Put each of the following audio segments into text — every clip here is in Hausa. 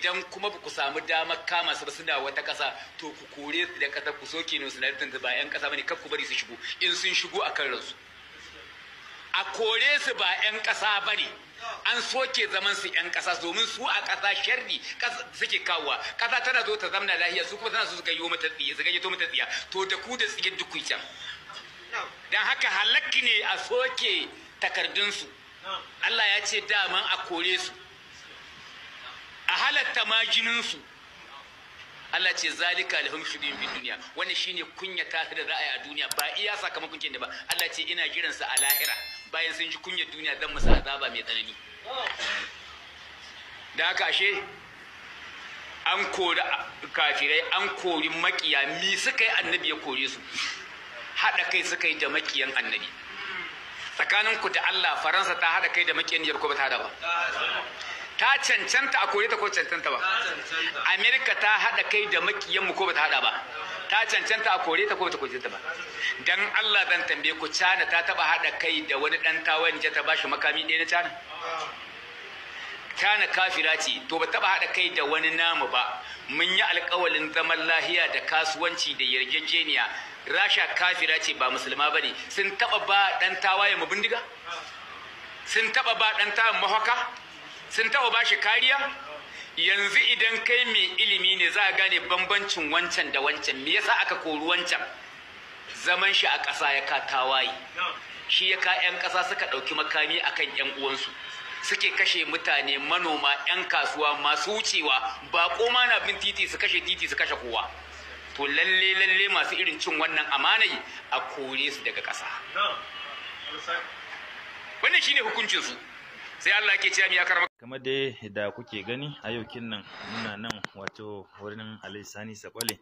idan kuma ba ku samu damar kama su ba suna wata kasa to ku kore su da kasa ku soke ne su na ba 'yan ƙasa bane kar ku bari su shigo in sun shigo a kan ransu a kore su ba 'yan ƙasa bane an soke zaman su 'yan kasa domin su a ƙasa sharri suke kawowa ƙasa tana zo ta zamna lahiya su kuma tana so su gayyo mata tsiya su gayyato mata tsiya to da ku da tsiyar duk can dan haka halakki ne a soke su, Allah ya ce daman a kore su a halatta ma jininsu Allah ce zalika lahum shudin fi duniya wani shine kunya ta da ra'ayi a duniya ba iya sakamakon kin da ba Allah ce ina jiran sa a lahira bayan sun ji kunya duniya zan musa azaba mai tsanani da haka ashe an kori kafirai an kori makiya mi suka yi annabi ya kore su haɗa kai suka yi da makiyan annabi tsakanin ku da Allah faransa ta haɗa kai da makiyan Jacob ta haɗa ba ta cancanta a kore ta ko cancanta ba amerika ta haɗa kai da makiyanmu ko ba ta haɗa ba ta cancanta a kore ta ko ta kore ta ba dan Allah zan tambaye ku cana ta taba hada kai da wani dan tawayen je ta bashi makami ɗaya na cana cana kafira ce to ba taba hada kai da wani namu ba mun yi alƙawalin zaman lahiya da kasuwanci da yarjejeniya rasha kafira ce ba musulma ba ne. sun taba ba dan tawayen mu bindiga sun taba ba dan tawayen mahaka sun taɓa ba shi kariya yanzu idan kai mai ilimi ne za a gane bambancin wancan da wancan me yasa aka kori wancan zaman shi a ƙasa ya ka tawaye shi ya ka 'yan ƙasa suka ɗauki makami akan 'yan uwansu suke kashe mutane manoma 'yan kasuwa masu wucewa ba koma na bin titi su kashe titi su kashe kowa to lalle lalle masu irin cin wannan amana a kore su daga ƙasa wannan shine hukuncin su sai Allah ke ce ya karama kamar dai da kuke gani a yau nan muna nan wato wurin Alhaji Sani Sakwale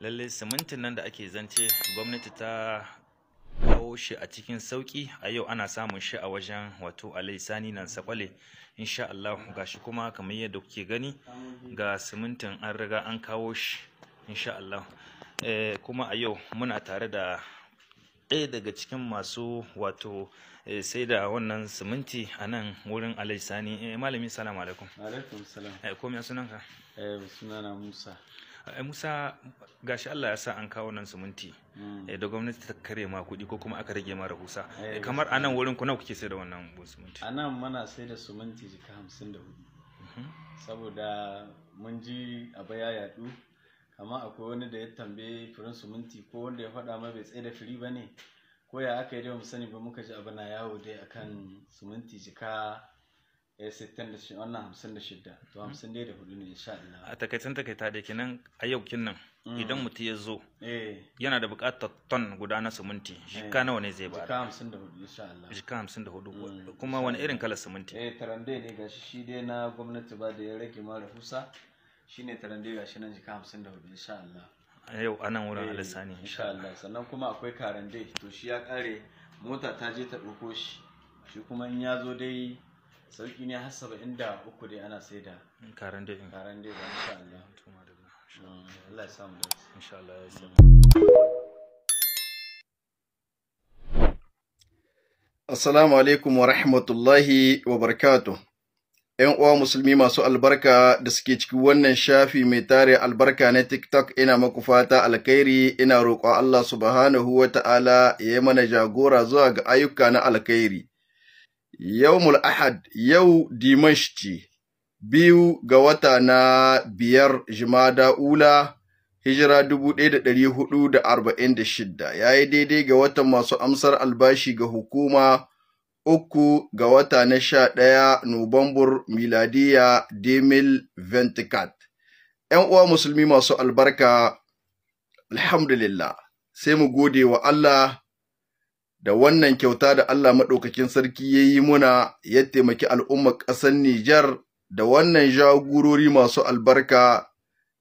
lalle simintin nan da ake zance gwamnati ta kawo shi a cikin sauki a yau ana samun shi a wajen wato Alhaji Sani nan Sakwale insha Allah gashi kuma kamar yadda kuke gani ga simintin an riga an kawo shi insha Allah eh, kuma a yau muna tare da ɗaya daga cikin masu wato eh, sai da wannan siminti a nan wurin alaisani eh, malami salam alaikum alaikum salam eh, ko me sunanka sunana musa musa gashi allah ya sa an kawo nan siminti mm. da gwamnati ta kare ma kuɗi ko kuma aka rage ma rahusa kamar a nan wurin kuna kuke sai da wannan siminti a nan mana sai da siminti jika hamsin da hudu mhm. saboda mun ji a baya yadu. amma akwai wani da ya tambaye furin suminti ko wanda ya faɗa ma bai tsaye da firi ba ne ko ya aka yi da mu sani ba muka ji abu na yawo dai akan suminti jika ya eh, sittin da shi wannan hamsin da shidda to mm-hmm. hamsin dai da hudu ne insha Allah a takaicin takaita da kenan a yau kinnan mm. idan mutum ya zo eh. yana da buƙatar ton guda na suminti eh. jika nawa ne zai ba jika hamsin da hudu insha Allah jika hamsin da hudu mm, kuma wani irin kalar suminti eh tarande ne gashi shi dai na gwamnati ba da ya rage ma rahusa shine taron dai gashi nan jika 54 insha Allah yau a nan wurin eh, alisani insha Allah sannan kuma akwai karen dai to shi ya kare mota ta je ta ɗauko shi shi kuma in ya zo dai sauki ne har saba'in da uku dai ana sai da karen mm, dai karen dai ba insha Allah mm, Allah ya samu da insha Allah ya samu Assalamu alaikum wa rahmatullahi wa barakatuh 'yan uwa musulmi masu albarka da suke ciki wannan shafi mai tare albarka na TikTok ina maku fata alkhairi ina roƙon Allah subhanahu wa ta'ala ya yi mana jagora zuwa ga ayyuka na alkhairi. mul Ahad yau Dimash ce, biyu ga wata na biyar Jimada Ula, hijira dubu ɗaya da ɗari hudu da arba'in da shidda, ya yi daidai ga watan masu amsar albashi ga hukuma uku ga wata na sha ɗaya Nuwambar miladiya Demil Ventikat. ‘Yan uwa musulmi masu albarka, alhamdulillah, sai mu gode wa Allah da wannan kyauta da Allah maɗaukakin sarki ya yi muna ya taimaki al'ummar ƙasar Nijar da wannan jagorori masu albarka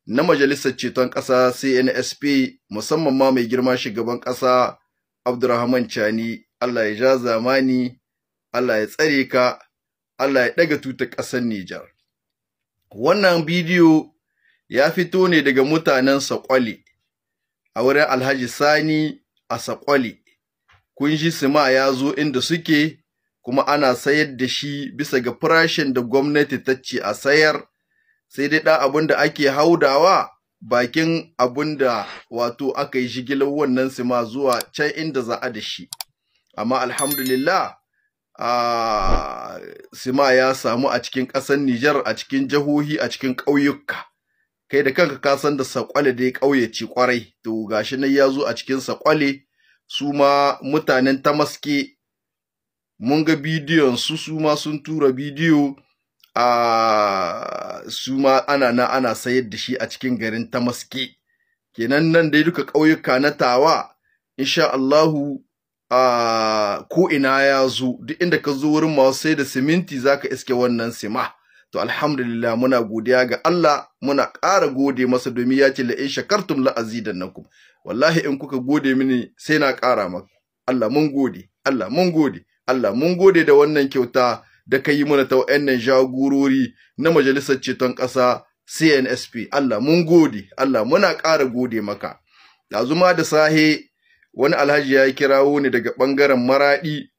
na Majalisar Ceton Ƙasa CNSP musamman ma mai girma shugaban ƙasa Abdurrahman Chani, Allah ya ja zamani Allah ya tsare ka Allah ya ɗaga tutar ƙasar Nijar wannan bidiyo ya fito ne daga mutanen Sakwali a wurin Alhaji Sani a Sakwali kun ji sima ya zo inda suke kuma ana sayar da shi bisa ga farashin da gwamnati ta ce a sayar sai dai ɗan abin da ake haudawa bakin abin da wato aka yi jigilar wannan sima zuwa can inda za a da shi amma alhamdulillah a sima ya samu a cikin ƙasar Nijar a cikin jihohi a cikin ƙauyuka kai da kanka ka san da sakwale dai ƙauye ce kwarai to gashi nan ya zo a cikin sakwale su ma mutanen tamaske mun ga bidiyon su su ma sun tura bidiyo a su ma ana na ana sayar da shi a cikin garin tamaske kenan nan dai duka ƙauyuka na tawa insha Allahu a ko ina ya zo duk inda ka zo wurin masu sai da siminti zaka iske wannan sima to alhamdulillah muna godiya ga Allah muna ƙara gode masa domin ya ce la'in shakartum la azidannakum wallahi in kuka gode mini sai na ƙara maka Allah mun gode Allah mun gode Allah mun gode da wannan kyauta da ka yi mana ta wa'annan jagorori na majalisar ceton ƙasa CNSP Allah mun gode Allah muna ƙara gode maka yanzu ma da sahe wani alhaji ya kirawo ni daga ɓangaren maraɗi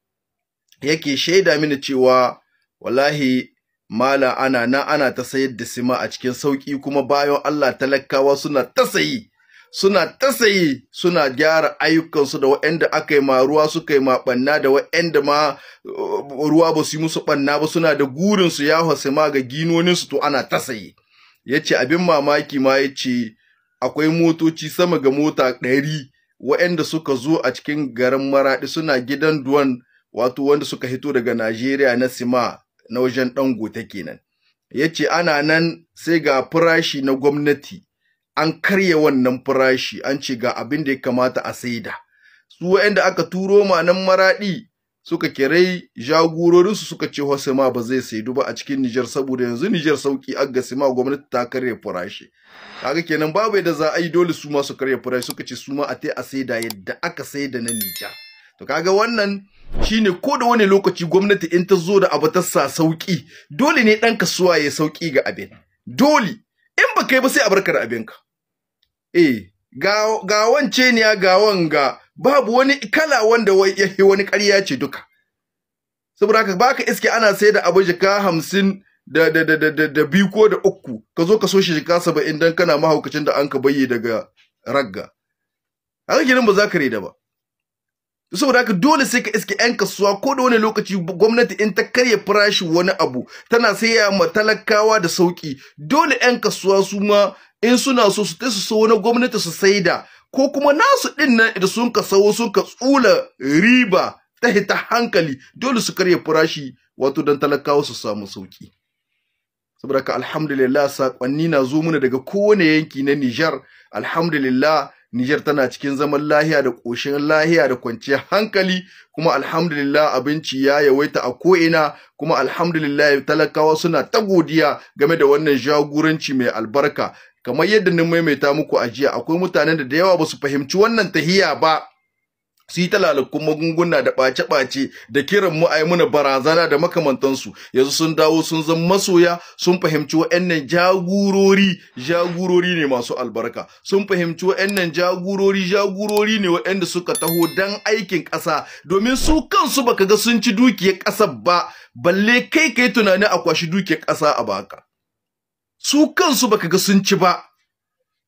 yake shaida mini cewa wallahi mala ana na ana ta sayar da sima a cikin sauƙi kuma bayan Allah talakawa suna ta sayi suna ta sayi suna gyara ayyukansu da waɗanda aka yi ma ruwa suka yi ma ɓanna da waɗanda ma uh, ruwa ba su yi musu ɓanna ba suna da gurinsu ya Sima ga ginoninsu to ana ta sayi ya ce abin mamaki ma ya ce akwai motoci sama ga mota ɗari Wa'inda suka zo a cikin garin Maraɗi suna gidan Duwan wato wanda suka hito daga Najeriya na Sima na wajen Dangote kenan. Ya ce ana nan sai ga farashi na gwamnati an karya wannan farashi an ce ga abin da ya kamata a saida. Su waɗanda aka turo ma nan Maraɗi suka kirai jagororinsu suka ce Hosema ba zai saidu ba a cikin Nijar saboda yanzu Nijar sauki agasi sima gwamnati ta karya farashi kaga kenan babu yadda za a yi dole su ma su karya farashi suka ce su ma a tai a saida yadda aka saida na Niger to kaga wannan shine ko da wani lokaci gwamnati in ta zo da abu ta sa sauki dole ne dan kasuwa ya sauki ga abin dole in ba kai ba sai a barkar abinka eh ga ga wance ne ya ga wanga babu wani kala wanda yahi wani ƙarya ce duka saboda haka baka iske ana sai da abin jika hamsin da da da da da biyu ko da uku ka zo ka so shi jika saba'in dan kana mahaukacin da an ka bayyana daga ragga haka kenan ba za ka da ba saboda haka dole sai ka iske yan kasuwa ko da wani lokaci gwamnati in ta karya farashin wani abu tana saya ma talakawa da sauki dole yan kasuwa su ma in suna so su su so wani gwamnati su saida ko kuma nasu ɗin nan idan sun ka sawo sun ka tsula riba ta hita hankali dole su karya farashi wato don talakawa su samu sauki saboda ka alhamdulillah sakonni na zo mana daga kowane yanki na Nijar alhamdulillah Nijar tana cikin zaman lahiya da ƙoshin lahiya da kwanciyar hankali kuma alhamdulillah abinci ya yawaita a ko'ina kuma alhamdulillah talakawa suna ta godiya game da wannan jagoranci mai albarka kamar yadda na maimaita muku a jiya akwai mutanen da da yawa ba su fahimci wannan tahiya ba su yi talalakun magunguna da ɓace-ɓace da kiran mu ai muna barazana da makamantansu yanzu sun dawo sun zama masoya sun fahimci wa'annan jagurori jagurori ne masu albarka sun fahimci wa'annan jagurori jagurori ne wa'anda suka taho dan aikin ƙasa domin su kansu baka ga sun ci dukiyar ƙasar ba balle kai kai tunani a kwashi dukiyar ƙasa a baka su kansu baka ga sun ci ba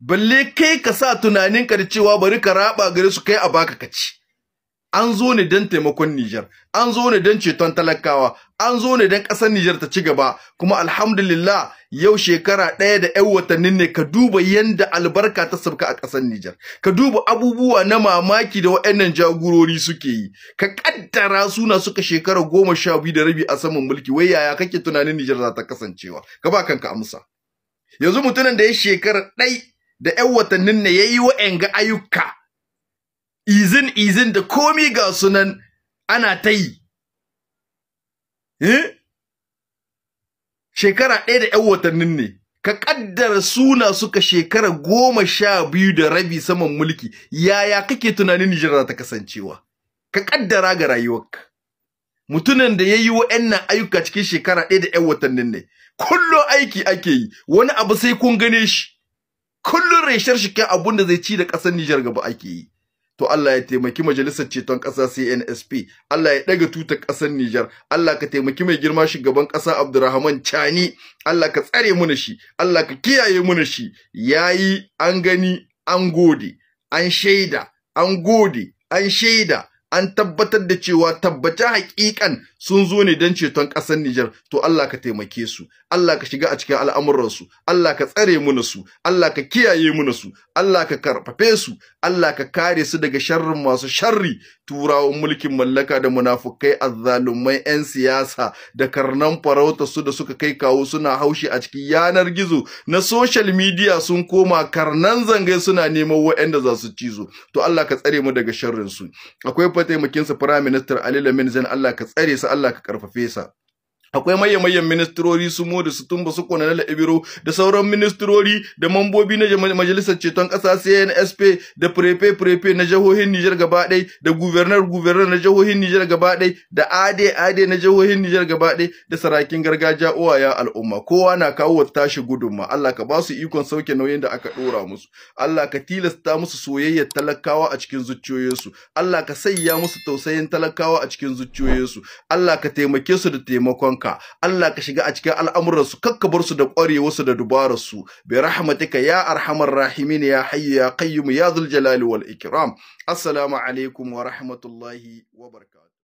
balle kai ka sa tunanin ka da cewa bari ka raba gare su kai a baka ka ci an zo ne don taimakon Nijar, an zo ne don ceton talakawa, an zo ne don ƙasar Nijar ta ci gaba, kuma alhamdulillah yau shekara ɗaya da ‘yan watannin ne ka duba yanda albarka ta sabka a ƙasar Nijar, ka duba abubuwa na mamaki da waɗannan jagorori suke yi, ka ƙaddara suna suka shekara goma sha biyu da rabi a saman mulki, wai yaya kake tunanin Nijar za ta kasancewa, ka ba kanka amsa. yanzu mutumin da ya shekara ɗai da 'yan watannin ne ya yi wa'yanga ayyuka izin izin da komi ga sunan ana ta yi eh? shekara ɗaya da 'yan watannin ne ka ƙaddara suna suka shekara goma sha biyu da rabi saman mulki yaya kake tunanin Nijar ta kasancewa ka ƙaddara ga rayuwarka mutumin da ya yi nan ayyuka cikin shekara ɗaya da 'yan watannin ne kullun aiki ake yi wani abu sai kun gane shi kullun reshar shi kan abun da zai ci da ƙasar Nijar gaba ake yi to Allah ya taimaki majalisar ceton ƙasa CNSP Allah ya daga tutar ƙasar Nijar Allah ka taimaki mai girma shugaban ƙasa Abdurrahman Chani Allah ka tsare mu shi Allah ka kiyaye mu shi yayi an gani an gode an shaida an gode an shaida an tabbatar da cewa tabbaci hakikan sun zo ne don ceton ƙasar Nijar to Allah ka taimake su Allah ka shiga a cikin al'amuransu Allah ka tsare muna su Allah ka kiyaye muna su Allah ka karfafe su Allah ka kare su daga sharrin masu sharri turawan mulkin mallaka da munafukai azzalumai 'yan siyasa da karnan farauta su da suka kai kawo suna haushi a cikin yanar gizo na social media sun koma karnan zangai suna neman waɗanda za su cizo to Allah ka tsare mu daga sharrin su akwai taimakinsa Prime Ministan Ali Lamin zan Allah ka tsare sa Allah ka ƙarfafe sa akwai mayyan ministrori su modu su tumba su kone na laibiro da sauran ministrori da mambobi na majalisar ceton ƙasa CNSP da prepe prepe na jihohin Nijar gaba ɗai da gubernar gubernar na jihohin Nijar gaba ɗai da ade ade na jihohin Nijar gaba ɗai da sarakin gargajiya uwaya al'umma kowa na kawo tashi gudunma Allah ka ba su ikon sauke nauyin da aka ɗora musu Allah ka tilasta musu soyayyar talakawa a cikin zuciyoyinsu Allah ka sanya musu tausayin talakawa a cikin zuciyoyinsu Allah ka taimake su da taimakon Allah ka shiga a cikin al'amuran su kakka bar su da ƙwarewar da dubarar bi rahmatika ya arhamar rahimin ya hayyu ya qayyum ya dhul jalali wal ikram assalamu alaikum wa rahmatullahi wa barakatuh